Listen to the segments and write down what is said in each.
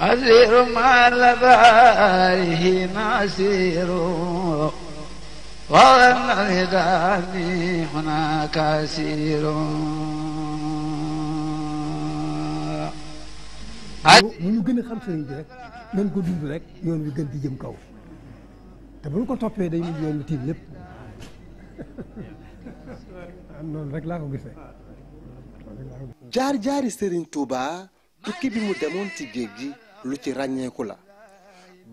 أسير ما لباره نسير وأن الهدام هناك أسير bu ñu gën a xam sëriñ bi rek nañ ko dund rek yoon wi gën di jëm kaw te bu ñu ko toppee day mujj yoon wi tiim lépp noonu rek laa ko gisee jaar jaari sëriñ Touba tukki bi mu demoon ci géej gi lu ci ràññeeku la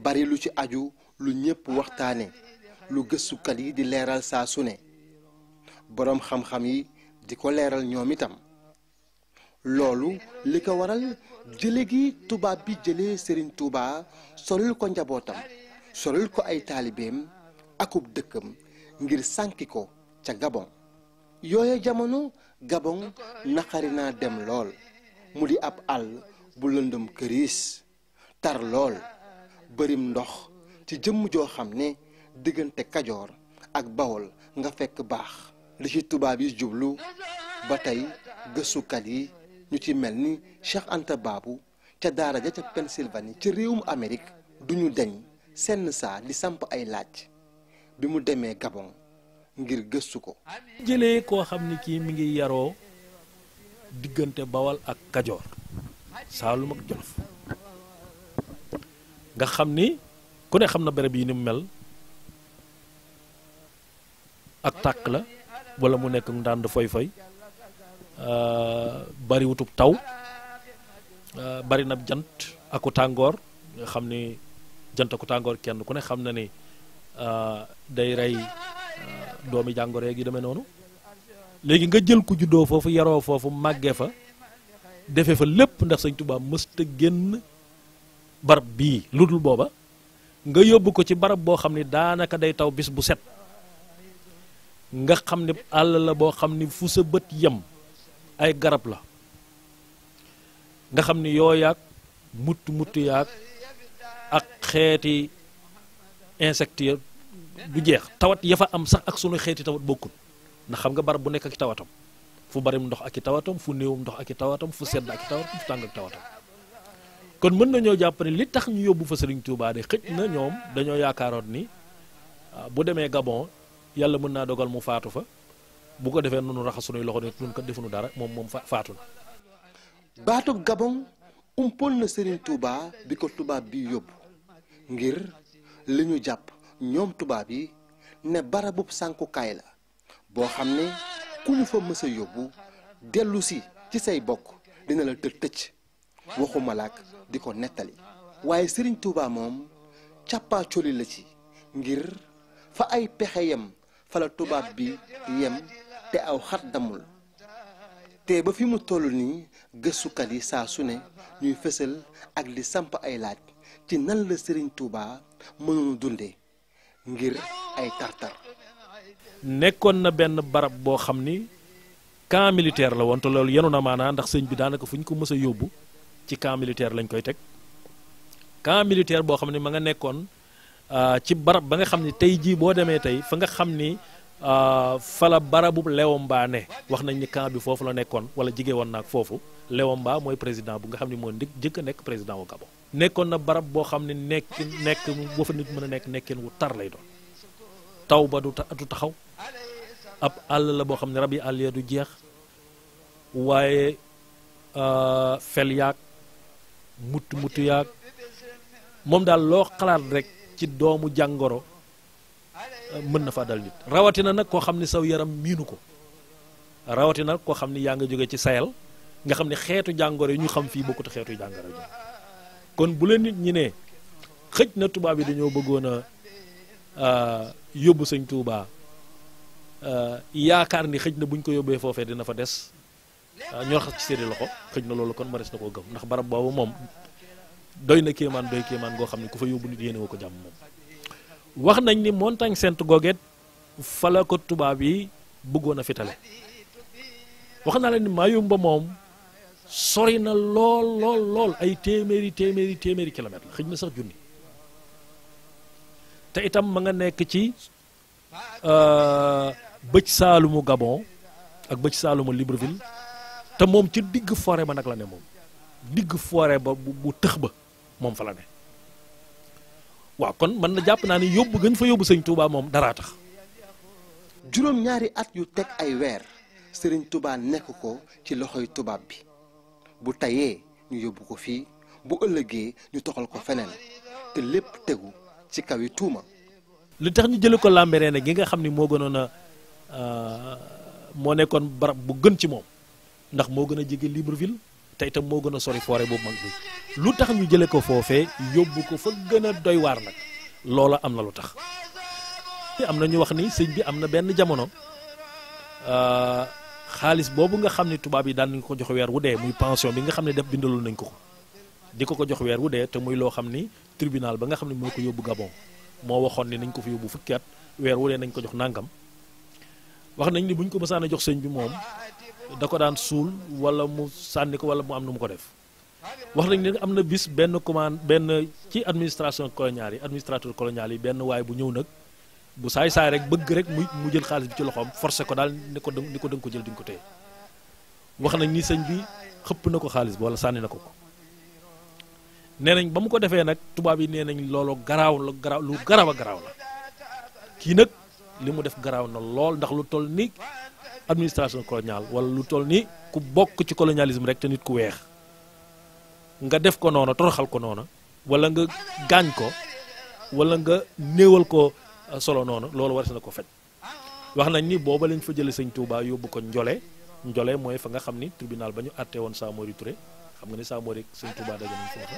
bari lu ci aju lu ñépp waxtaane lu gëstukat yi di leeral saa sune boroom xam-xam yi di ko leeral ñoom itam loolu li ko waral jële gi tubaab bi jële sëriñ Touba solul ko njabootam soril ko ay taalibeem akub dëkkam ngir sànki ko ca Gabon yooye jamono Gabon naqari naa dem lool mu di ab àll bu lëndëm këriis tar lool bërim ndox ci jëmm joo xam ne diggante kajoor ak bawol nga fekk baax li ci tubaab yi jublu ba tey gëstukat yi ñu ci mel ni Cheikh Anta Baabu ca daara ja ca Pennsylvanie ca réewum Amérique duñu deñ senn saa di samp ay laaj bi mu demee Gabon ngir gëstu ko jëlee koo xam ni kii mi ngi yaroo diggante bawal ak kajoor saalum ak nga xam ni ku ne xam na barab yi ni mu mel ak tàkk la wala mu nekk ndànd foy-foy euh, bari wutub taw euh, bari na jant aku tàngoor nga xam ni jant aku tàngoor kenn ku ne xam na ni euh, day rey doomi jàngoro yeeg deme noonu léegi nga jël ku juddoo foofu yaroo foofu màggee fa defee fa lépp ndax sañ Tuubaa mësta génn barab bii lu dul booba nga yóbbu ko ci barab boo xam ni daanaka day taw bis bu set nga xam ni àll la boo xam ni fu sa bët yem ay garab la nga xam ni yoo yaag mutt mutt yaag ak xeeti insectes ya du jeex tawat ya fa am sax ak sunu xeeti tawat bokkul ndax xam nga barab bu nekk ak tawatam fu barim ndox ak i tawatam fu néewum ndox ak i tawatam fu sedd ak i tawatam fu tàng ak tawatam kon mën nañoo jàpp ne li tax ñu yóbbu fa Serigne Touba de xëj na ñoom dañoo yaakaaroon ni ah, bu demee Gabon yàlla mën naa dogal mu faatu fa bu ko defee noonu raxas sunuy loxo ne ñun ko defuñu dara moom moom faatu na. baatu Gabon umpoon na Serigne ko tubaab bi yóbbu ngir li ñu jàpp ñoom tubaab yi ne barabub sànkukaay la boo xam ne ku ñu fa mës yóbbu dellu si ci say bokk dina la tëj tëj. waxuma laak di ko nettali waaye sëriñ Touba moom càppaa coli la ci ngir fa ay pexe yem fa la tubaab bi yem te aw xat damul te ba fi mu toll nii gëstukat yi saa su ne ñuy fësal ak di samp ay laaj ci nan la sëriñ Touba mënoon dunde ngir ay tartar nekkoon na benn barab boo xam ni kaa militaire la woon loolu yenu na maanaa ndax sëñ bi daanaka fu ñu ko mës a yóbbu ci camp militaire lañ koy teg camp militaire boo xam ne ma nga nekkoon euh, ci barab ba nga xam ne tey jii boo demee tey fa nga xam ni euh, fala barabu Léomba ne wax nañ ni camp bi foofu la nekkoon wala jige woon ak foofu Léomba mooy président bu nga xam ne moo ndik jëkk nekk président wu Gabon nekkoon na barab boo xam ne nekk nekk boo fa nit mën a nekk nekkeen wu tar lay doon taw ba du du taxaw ab àll la boo xam ne rab yi àll ya du jeex waaye euh, fel yaag mutt mutt yaag moom daal loo xalaat rek ci doomu jàngoro euh, mën na fa dal nit rawatina nag koo xam ne saw yaram miinu ko rawatina koo xam ne yaa nga jóge ci sayal nga xam ne xeetu jàngoro yi ñu xam fii bokkut xeetu jàngoro ji kon bu leen nit ñi ne xëj na tubaab yi dañoo bëggoon a euh, yóbbu sëñ Tuubaa euh, yaakaar ni xëj na buñ ko yóbbee foofee dina fa des Ah, ñoo raxas ci seeni loxo xëj na loolu kon maris na koo gëm ndax barab boobu moom doy na kéemaan doy kéemaan goo xam ne ku fa yóbbu nit yéene ko jàmm wax nañ ni montagne sainte googeet fa la ko tubaab yi bëggoon a fitale wax naa la ni Mayumba moom sori na lool lool ay téeméeri téeméeri téeméeri kilomètre la xëj na sax junni te itam ma nga nekk ci euh, bëj saalumu Gabon ak bëj saalumu Libreville te moom ci digg forêt ba nag la ne moom digg forêt ba bu bu tëx ba moom fa la ne waaw kon man na jàpp naa ne yóbbu gën fa yóbbu sëñ Touba moom dara tax. juróom-ñaari at yu teg ay weer sëriñ Touba nekk ko ci loxoy tubaab bi bu tayee ñu yóbbu ko fii bu ëllëgee ñu toxal ko feneen te lépp tegu ci kaw yi tuuma. li tax ñu jële ko Lambaréné gi nga xam ni moo gënoon a euh, moo nekkoon barab bu gën ci moom. ndax moo gën a jege libreville te itam moo gën a sori forêt boobu mag bi lu tax ñu jëlee ko foofee yóbbu ko fa gën a doy waar nag loola am na lu tax am na ñu wax ni sëñ bi am na benn jamono euh, xaalis boobu nga xam ne tubaab yi daan nañ ko jox weer wu dee muy pension bi nga xam ne def bindaloon nañ ko di ko ko jox weer wu dee te muy loo xam ni tribunal ba nga xam ne moo ko yóbbu gabon moo waxoon ni nañ ko fi yóbbu fukki at weer wu dee nañ ko jox nangam wax nañ ni buñ ko mësaan a jox sëñ bi moom da ko daan suul wala mu sànni ko wala mu am na mu ko def wax nañ ne am na bis benn commande benn ci administration coloniale yi administrateur coloniale yi benn waay bu ñëw nag bu saay saay rek bëgg rek mu mu jël xaalis bi ci loxoom forcé ko daal ni ko ni ko danga ko jël di nga ko téye wax nañ ni sëñ bi xëpp na ko xaalis bi wala sànni na ko ko nee nañ ba mu ko defee nag tubaab yi nee nañ loolu garaaw garaaw lu garaaw a garaaw la kii nag li mu def garaaw na lool ndax lu toll ni administration coloniale wala lu toll ni ku bokk ci colonialisme rek te nit ku weex nga def ko noona toroxal ko noona wala nga gaañ ko wala nga néewal ko euh, solo noonu loolu war na ko faj wax nañ ni booba lañ fa jële sëñ Touba yóbbu ko njole njole mooy fa nga xam ni tribunal ba ñu àttee woon Samori Touré xam nga ni Samori ak sëñ Touba daje nañ foofa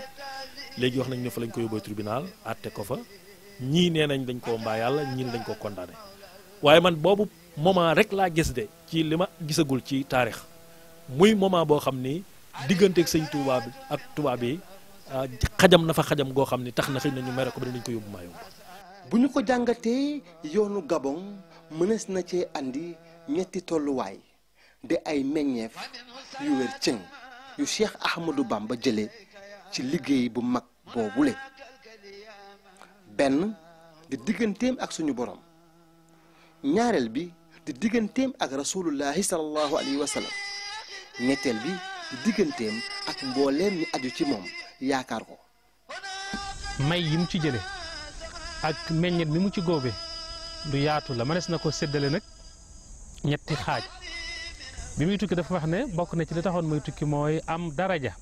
léegi wax nañ ne fa lañ ko yóbboo tribunal àtte ko fa ñii nee nañ dañ koo mbaa yàlla ñii dañ ko condamné waaye man boobu moment rek laa gis de ci li ma gisagul ci taarix muy moment boo xam ni digganteeg sëñ Touba ak tubaab bi ah, xajam na fa xajam goo xam ni tax na xëy nañu ñu mere ko ba dañ ko yóbbu maa yóbbu. bu ñu ko jàngatee yoonu Gabon mënees na ci andi ñetti tolluwaay di ay meññeef yu wér cëng yu Cheikh Ahmadou Bamba jëlee ci liggéey bu mag boobule benn di digganteem ak suñu boroom ñaareel bi. di digganteem ak rasulullahi sallallahu alayhi wa sallam ñetteel bi di digganteem ak mbooleem ñi aju ci moom yaakaar ko may yi mu ci jële ak meññet mi mu ci góobe du yaatu la mënees na ko séddale nag ñetti xaaj bi muy tukki dafa wax ne bokk na ci li taxoon muy tukki mooy am daraja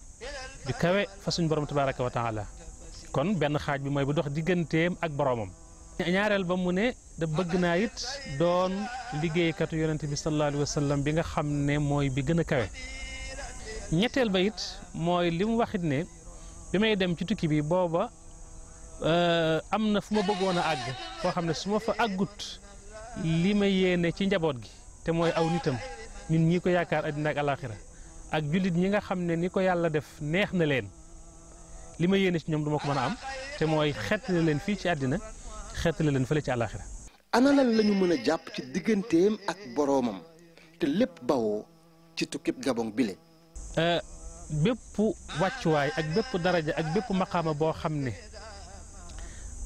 ju kawe fa borom tabaraka wa kon benn xaaj bi mooy bu dox digganteem ak boroomam ñaareel ba mu ne da bëgg naa yit doon liggéeykatu yonent bi sallallahu alayhi bi nga xam ne mooy bi gën a kawe ñetteel ba it mooy li mu waxit ne bi may dem ci tukki bi booba euh, am na fu ma bëggoon a àgg foo xam ne su ma fa àggut li ma yéene ci njaboot gi te mooy aw nitam ñun ñii ko yaakaar àddina ak alaaxira ak jullit ñi nga xam ne ni ko yàlla def neex na leen li ma yéene ci ñoom duma ko mën a am te mooy xet na leen fii ci àddina xeetale leen fële ci àllaaxira ana lan la ñu mën a jàpp ci digganteem ak boroomam te lépp bawoo ci tukkib gabon bile. Euh, bépp wàccuwaay ak bépp daraja ak bépp maqaama boo xam ne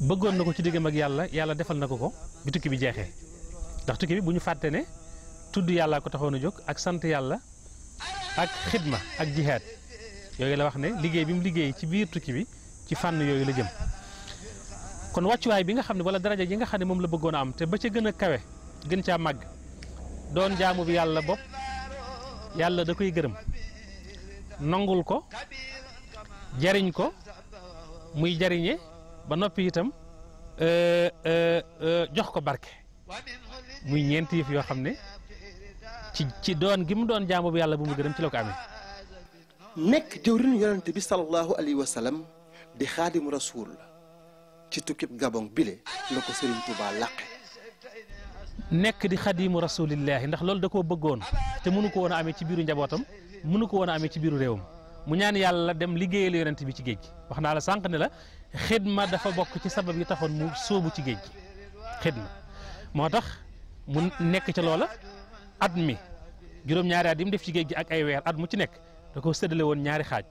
bëggoon na ko ci diggam ak yàlla yàlla defal na ko ko bi tukki bi jeexee ndax tukki bi bu ñu fàtte ne tudd yàllaa ko taxoon a jóg ak sant yàlla ak xidma ak jihaad yooyu la wax ne liggéey bi mu liggéey ci biir tukki bi ci fànn yooyu la jëm. kon wàccuwaay bi nga xam ne wala daraja yi nga xam ne moom la bëggoon a am te ba ca gën a kawe gën caa màgg doon jaamu bi yàlla bopp yàlla da koy gërëm nangul ko jariñ ko muy jariñe ba noppi itam euh, euh, jox ko barke muy ñeenti yëf yoo xam ne ci ci doon gi mu doon jaamu bi yàlla bu mu gërëm ci la ko amee nekk jëwriñu yonente bi sallallahu alayhi wa sallam di xaadimu rasul ci tukkib Gabon bile la ko Serigne Touba làqe nekk di xadimu rasulillahi ndax loolu da koo bëggoon te mënu ko woon a amee ci biiru njabootam mënu ko woon a amee ci biiru réewam mu ñaan yàlla dem liggéeyal yonent bi ci géej gi wax naa la sànq ne la xidma dafa bokk ci sabab yi taxoon mu sóobu ci géej gi xidma moo tax mu nekk ca loola at mi juróom-ñaari at yi mu def ci géej gi ak ay weer at mu ci nekk da ko séddale ñaari xaaj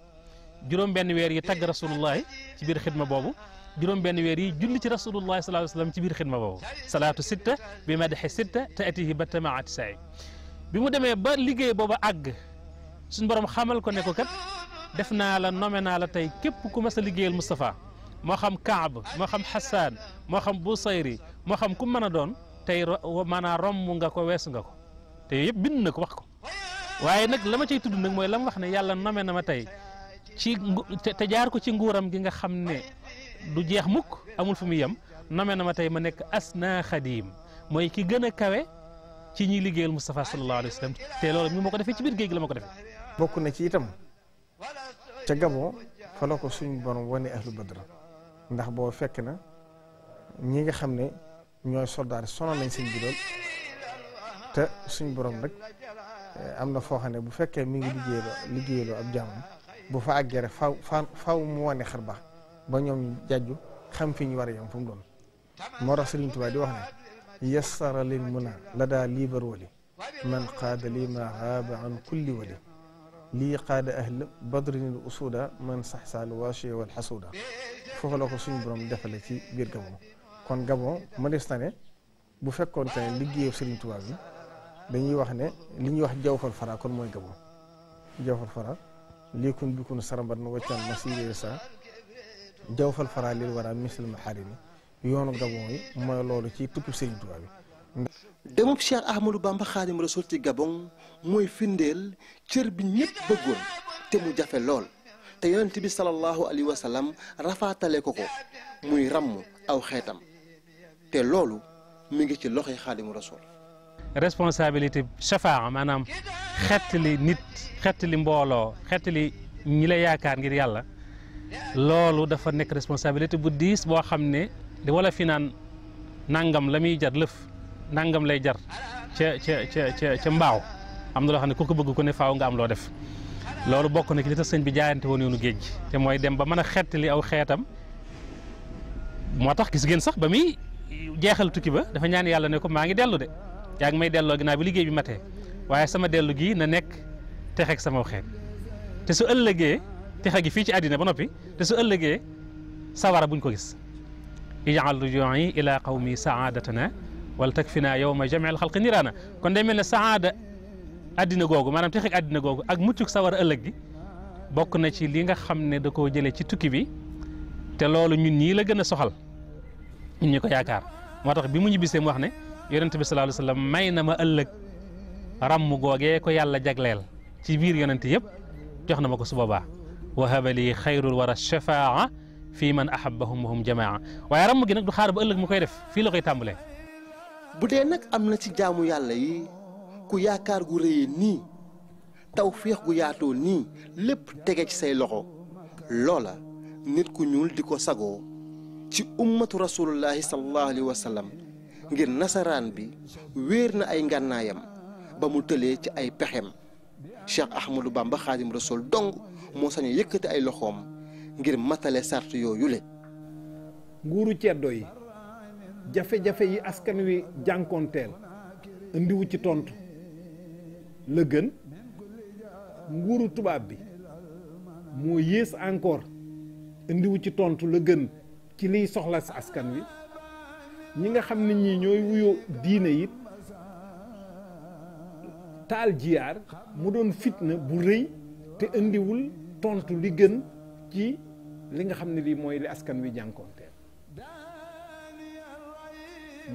juróom benn weer yi tagg rasulullahi ci biir xidma boobu juróom-benn weer yi julli ci rasulullahi sallallahu alayhi wa sallam ci biir xidma boobu salaatu sitta bi madaxe sitta te atihi ba tamaati saay bi mu demee ba liggéey booba àgg suñ borom xamal ko ne ko kat def naa la nome naa la tey képp ku mas a liggéeyal Moustapha moo xam Kaab moo xam Xassaan moo xam Busayri moo xam ku mën a doon tey maanaam romb nga ko weesu nga ko te yooyu yëpp na ko wax ko waaye nag la ma cay tudd nag mooy la mu wax ne yàlla nome na ma tey ci te jaar ko ci nguuram gi nga xam ne du jeex mukk amul fu mu yem name na ma tay ma nek asna khadim moy ki gëna kawe ci ñi liggéeyal mustafa sallallahu alayhi wasallam te loolu mi moko défé ci bir géej gi la ma ko defee. bokk na ci itam ca gabo fa la ko suñu borom wane ahlu badra ndax bo fekk na ñi nga xamné ñoy ñooy soldaar sonal nañ seen doon te suñu borom rek amna fo foo bu fekke mi ngi liggéeyaloo liggéeyaloo ab jamm bu fa àggee rek faaw mu wane xar بنيوم جاجو خم فين واري يوم فم مرة سرين تبا دي وحنا يسر للمنى لدى ليبر ولي من قاد لي ما غاب عن كل ولي لي قاد أهل بدر الأسودة من صحصى الواشي والحسودة فوالوكو سن بروم دفلتي بير قبو كون قبو مدستاني bu fekkoon tane liggéeyu sëriñ tubaab bi dañuy wax ne li ñuy wax jawfal fara kon mooy gabo jawfal fara liikun bi kun sarambat na jawfal fara lil wara misal maharimi yoonu gabon yi mooy loolu ci tukki Sëriñ Tuubaa bi demub Cheikh Ahmadou Bamba Xaadim Rasul ci gabon mooy findeel cër bi ñëpp bëggoon te mu jafe lool te yonent bi sallallahu alayhi wa rafaatale ko ko muy ràmm aw xeetam te loolu mu ngi ci loxoy Xaadimu Rasul responsabilité chafaa maanaam xettali nit xettali mbooloo xettali ñi la yaakaar ngir yàlla loolu dafa nekk responsabilité bu diis boo xam ne di wala fi naan nangam la muy jar lëf nangam lay jar ca ca ca ca mbaaw am na loo xam ne ku ko bëgg ko ne faaw nga am loo def loolu bokk na ci li tax sëñ bi jaayante woon yoonu géej gi te mooy dem ba mën a xettali aw xeetam moo tax gis ngeen sax ba muy jeexal tukki ba dafa ñaan yàlla ne ko maa ngi dellu de yaa ngi may delloo gi naa bi liggéey bi matee waaye sama dellu gii na nekk texeeg sama xeet te su ولكن يوم جمع الخلق نيرانا كون داي ملني سعاده ادينا قومي مانام تخيك ادينا غوغو اك موتوك ساوار الهك دي بوك نا سي ليغا خامني داكو جيلي سي توكي بي تي لولو نين ني لا غنا سوخال نين نيكو ياكار موتاخ بي مو نيبيسيم واخني يونتبي صلى الله عليه وسلم ماينما الهك رام غوغي كو يالا جاغليل سي بير يونتي ييب جوخنا مكو سو وهب لي خير الورى الشفاعة في من أحبهم وهم جماعة ويا رمو جنك دخار بقول لك مكيرف في لغة تامولي بدي أنك أمنتي جامو يالي كويا كار غوري ني توفيق كويا تو ني لب تجج سي لغو لولا نيت كو نيول ديكو ساغو تي أمت رسول الله صلى الله عليه وسلم غير نصران بي ويرنا أي نغانايام بامو تلي تي أي بحيم شيخ أحمد بامبا خادم رسول دونغ moo sañu yëkkati ay loxoom ngir matale sart yooyu le nguuru ceddo yi jafe-jafe yi askan wi jànkoonteel indiwu ci tontu la gën nguuru tubaab bi moo yées encore indiwu ci tontu la gën ci liy soxla si askan wi ñi nga xam ne ñi ñooy wuyoo diine it taal jiyaar mu doon fitna bu rëy te wul tontu li gën ci li nga xamni li moy li askan wi jankonté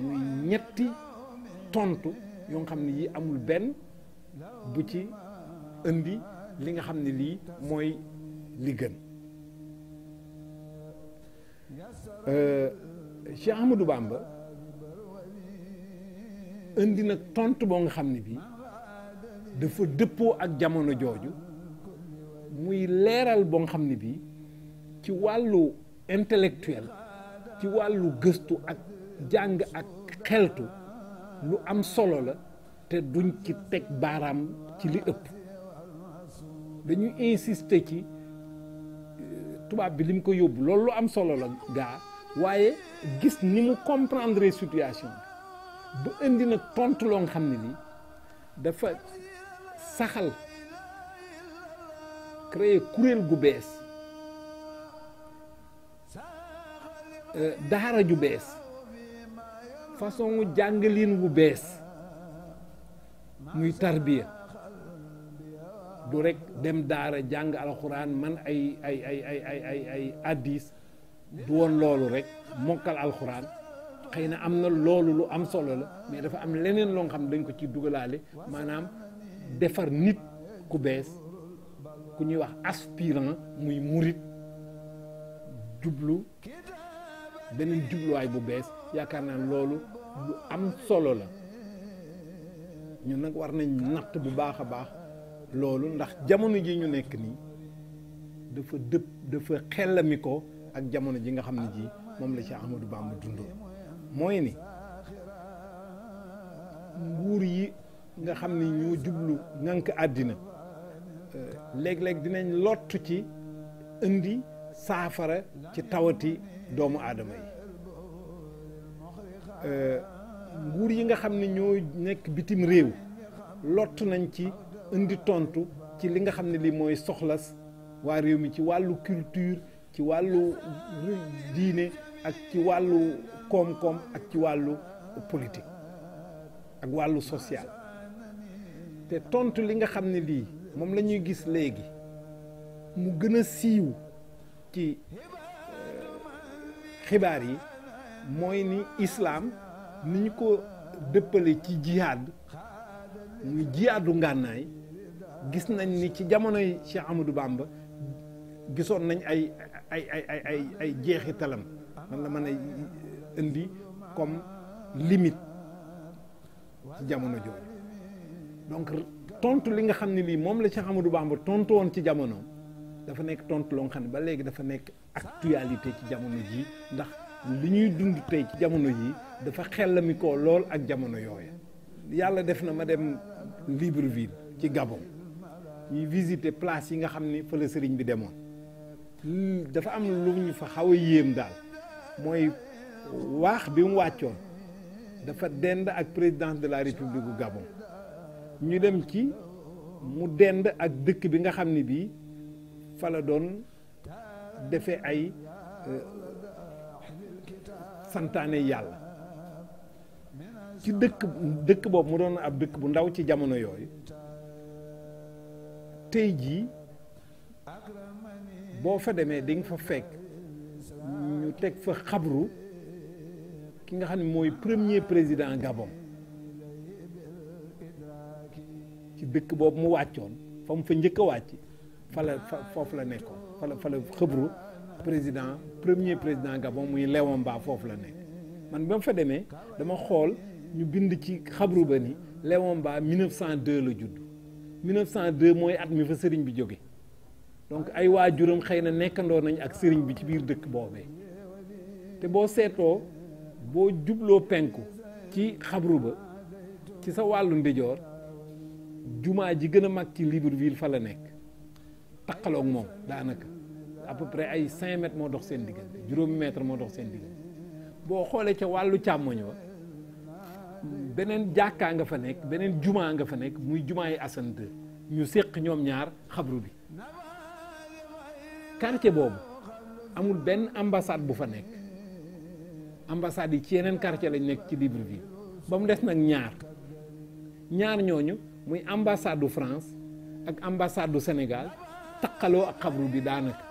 muy ñetti tontu yo nga xam amul ben bu ci indi li nga xamni li moy li gën euh, Cheikh Ahmadou Bamba indi nak tontu bo nga xamni bi dafa depo ak jamono jooju muy leeral bo nga bi ci walu intellectuel ci walu gestu ak jang ak xeltu lu am solo la te duñ ci tek baram ci li ëpp dañu insister ci euh, tubaab bi lim ko yóbbu loolu lu am solo la gaa waaye gis ni mu comprendre situation bu ba indi nag tontu loo xam dafa saxal créé kurel gu bes euh, daara ju bes façon jangalin gu bes muy tarbiya du rek dem daara jang alxuraan man ay ay ay ay ay ay ay hadith du won loolu rek mokal alxuraan xeyna amna am na lu am solo la mais dafa am leneen lo xam dañ ko ci dugalaale manam defar nit ku bes ku ñuy wax aspirant muy murit jublu beneen jubluwaay bu bees yaakaar naa loolu lu am solo la ñun nag war nañ natt bu baax a baax loolu ndax jamono ji ñu nekk nii dafa dëpp dafa xellami ko ak jamono ji nga xam ne ji moom la ci Amadou Bamba dundoo mooy ni nguur yi nga xam ni ñoo jublu ŋànk àddina léeg-léeg dinañ lottu ci indi saafara ci tawati doomu aadama yi euh, nguur yi nga xam ni ñoo nekk bitim réew lottu nañ ci indi tontu ci li nga xam ne lii mooy soxlas waa réew mi ci wàllu culture ci wàllu diine ak ci wàllu koom-koom ak ci wàllu politique ak wàllu social te tontu li nga xam ne lii moom lañuy gis léegi mu gën a siiw ci euh, xibaar yi mooy ni islaam ni ko dëppale ci jihaad muy jihaadu ngànnaay gis nañ ni ci jamonoy Cheikh Amadou Bamba gisoon nañ ay ay ay ay ay ay jeexitalam man la mën a indi comme limite ci jamono jooju tontu li nga xam ne lii moom la Cheikh Amadou Bamba tontu woon ci jamono dafa nekk tontu loo xam ne ba léegi dafa nekk actualité ci jamono ji ndax li ñuy dund tey ci jamono jii dafa xellami lool ak jamono yooyu yàlla def na ma dem Libreville ci Gabon ñuy visiter place yi nga xam ni fa la sëriñ bi demoon dafa am lu ñu fa xaw a yéem daal mooy waax bi mu wàccoon dafa dend ak président de la république gu Gabon. ñu dem ci mu dend ak dëkk bi nga xam ni bii fa la doon defee ay euh, santaane yàlla ci dëkk dëkk boobu mu doon ab dëkk bu ndaw ci jamono yooyu tey jii boo fa demee di fa fekk ñu teg fa xabru ki nga xam ne mooy premier président Gabon dëkk boobu mu wàccoon fa mu fa njëkk wàcc fa la fa foofu la nekkoon fa la fa la xëbru président premier président Gabon muy Léon Mba foofu la nekk man ba mu fa demee dama xool ñu bind ci xabru ba ni Léon Mba 1902 la judd 1902 mooy at mi fa sëriñ bi jóge donc ay waa waajuram xëy na nekkandoon nañ ak sëriñ bi ci biir dëkk boobee te boo seetoo boo jubloo penku ci xabru ba ci sa wàllu ndijoor jumaa ji gën a mag ci Libreville fa la nekk taqaloog moom daanaka à peu ay 5 moo dox seen diggante juróomi mètre moo dox seen diggante boo xoolee ca wàllu càmmoñ wa beneen jàkkaa nga fa nekk beneen jumaa nga fa nekk muy jumaa yi Assane ñu séq ñoom ñaar xabru bi quartier boobu amul benn ambassade bu fa nekk ambassade yi ci yeneen quartier lañ nekk ci Libreville ba mu des nag ñaar ñaar ñooñu muy ambassade du France ak ambassade du Sénégal taqaloo ak xabru bi daanaka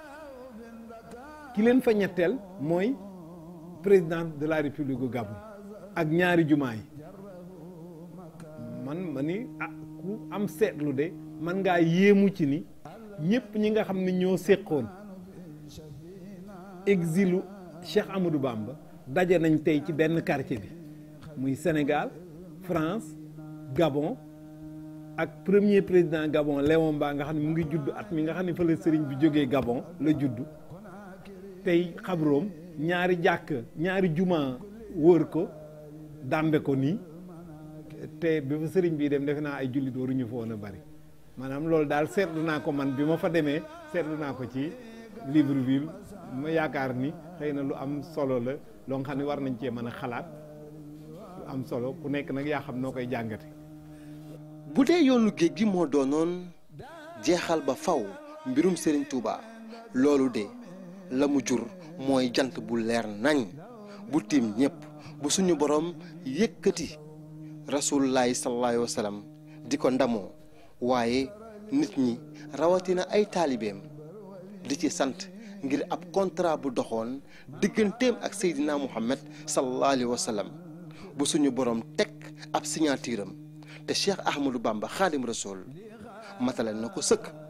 ki leen fa ñetteel mooy président de la république du Gabon ak ñaari jumaa yi man ma ni ah ku am seetlu de man ngaa yéemu ci ni ñëpp ñi nga xam ne ñoo séqoon exilu Cheikh Amadou Bamba daje nañ tey ci benn quartier bi muy Sénégal France Gabon ak premier président Gabon Léon Mba nga xam ne mu ngi judd at mi nga xam ni fa la sëriñ bi jógee Gabon la judd tey xabroom ñaari jàkk ñaari jumaa wóor ko dàmbe ko nii te bi fa sëriñ bii dem defe naa ay jullit waruñu fa woon a bari maanaam loolu daal seetlu naa ko man bi ma fa demee seetlu naa ko ci libre Libreville ma yaakaar ni xëy na lu am solo la loo nga xam ne war nañ cee mën a xalaat lu am solo ku nekk nag yaa xam noo koy jàngate bu dee yoonu géej gi moo doonoon jeexal ba faw mbirum Serigne Touba loolu de la mu jur mooy jant bu leer nañ bu tiim ñépp bu suñu borom yëkkati rasulullahi sallallahu alayhi di ko ndamoo waaye nit ñi rawatina ay taalibeem di ci sant ngir ab contrat bu doxoon digganteem ak Seydina Muhammad sallallahu alayhi bu suñu borom teg ab signature te Cheikh Ahmadou Bamba khalim rasoul matalal nako seuk